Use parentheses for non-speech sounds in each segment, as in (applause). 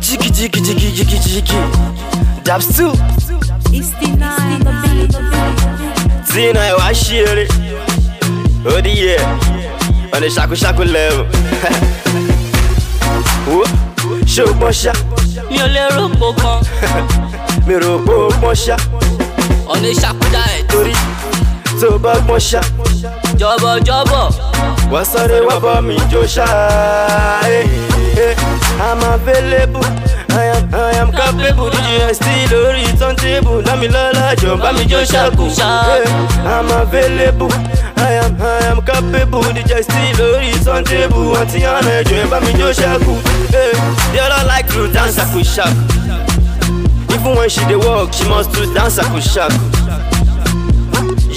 jiki jiki jiki jiki jiki dabs two tina ẹ wá ṣeré ó di yẹ ọ̀nà ṣàkóṣàkó o gbọ́n ṣá. mi ò lè rògbò kan. (laughs) mi rò pé o gbọ́n ṣá. ọ̀nà ìṣàkóṣà ẹ̀ torí tó o bá gbọ́n ṣá. jọ̀bọ̀ jọ̀bọ̀. wọ́n sáré wá bọ́ mi jó ṣáá. Eh. Damilola John, Bami John Shaku. Hey, I'm available. I am, I am capable. DJ still is on table. Auntie Anna John, Bami John Shaku. Hey, they all like to dance Shaku Shaku. Even when she dey walk, she must to dance Shaku Shaku.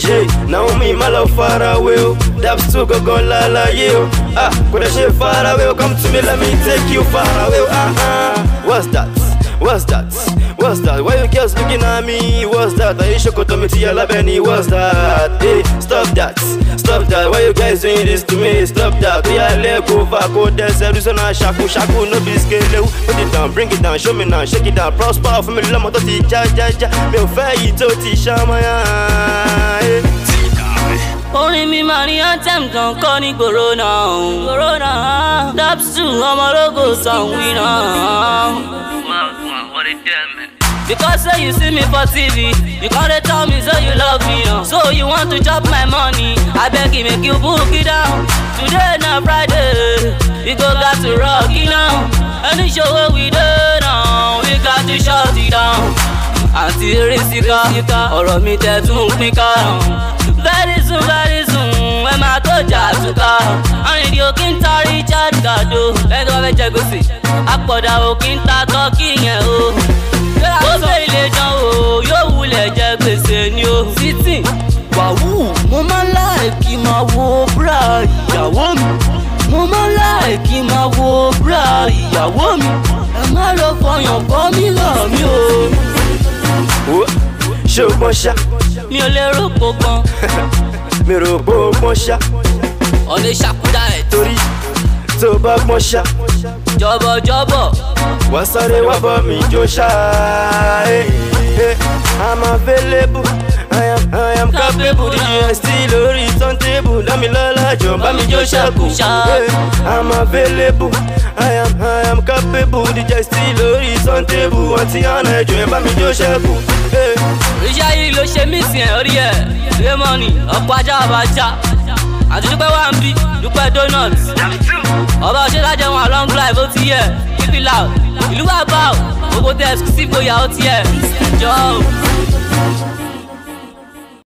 Yeah, Naomi Malo faraway o oh. Dabs too go go la la yeah o oh. Ah, kò dẹ̀ far away. Oh? Come to me, let me take you far away. Ah ah, what's that? What's that? What's that? Why you girls looking at me? What's that? Are you shook to me to your love any? What's that? Hey, stop that. Stop that. Why you guys doing this to me? Stop that. We are lego fako dance. Reason I shaku shaku no be Put it down, bring it down, show me now, shake it down. Prosper for me, lama to ti ja ja ja. Me o fe yi to ti shamaya. Orin mi Marian Tem kan call me Corona. Corona. i am ọmọ ológo sàn wí náà. Because say you see me for TV, you gotta tell me so you love me, oh. so you want to chop my money. I beg you make you book it down. Today na Friday, we go got to rock it now. Any show where we do now, we got to shut it down. Àti eré síká, ọ̀rọ̀ mi tẹ̀ tún pín ká. Very soon, very soon, ẹ máa tó jà àtúkà. Àrìndí òkè ń tarí chat gàdó, fẹ́ jẹ gbèsè àpọ̀dà ò kí ń ta tọ́kì yẹn o tó fẹ́ ilé jan o yóò wulẹ̀ jẹ gbèsè ni o. sítì wàhù mo máa ń láì kí máa wo búra ìyàwó mi mo máa ń láì máa wo búra ìyàwó mi ẹ má lọ fọyàn bọ́ mi lọ mi o. ṣé o gbọ́n ṣá. mi ò lè rògbò kan. (laughs) mi rògbò gbọ́n ṣá. ọ̀lẹ́ ṣàkúdà ẹ̀. torí tó bá gbọ́n ṣá jọ̀bọ̀jọ̀bọ̀. wọ́n sáré wá bọ́ mi jó ṣáá i'm available i am i am capable díẹ̀ sí lórí turntable dámilọ́lá jọ bá mi jó ṣàkù i'm available i am i am capable díẹ̀ sí lórí turntable wọ́n ti hàn ẹ̀jọ̀ ẹ̀ bá mi jó ṣàkù. iṣẹ́ yìí ló ṣe mí sìn ẹ̀ orí ẹ̀ rẹ́mọ̀nì ọ̀pọ̀ ajá àbájá àti dúpẹ́ wà ń bí dúpẹ́ donuts ọ̀rọ̀ ṣé lájẹ wọn long drive ó ti yẹ keep it loud ìlú wa bá o gbogbo tẹ exclusive bóyá ó ti yẹ jọ o.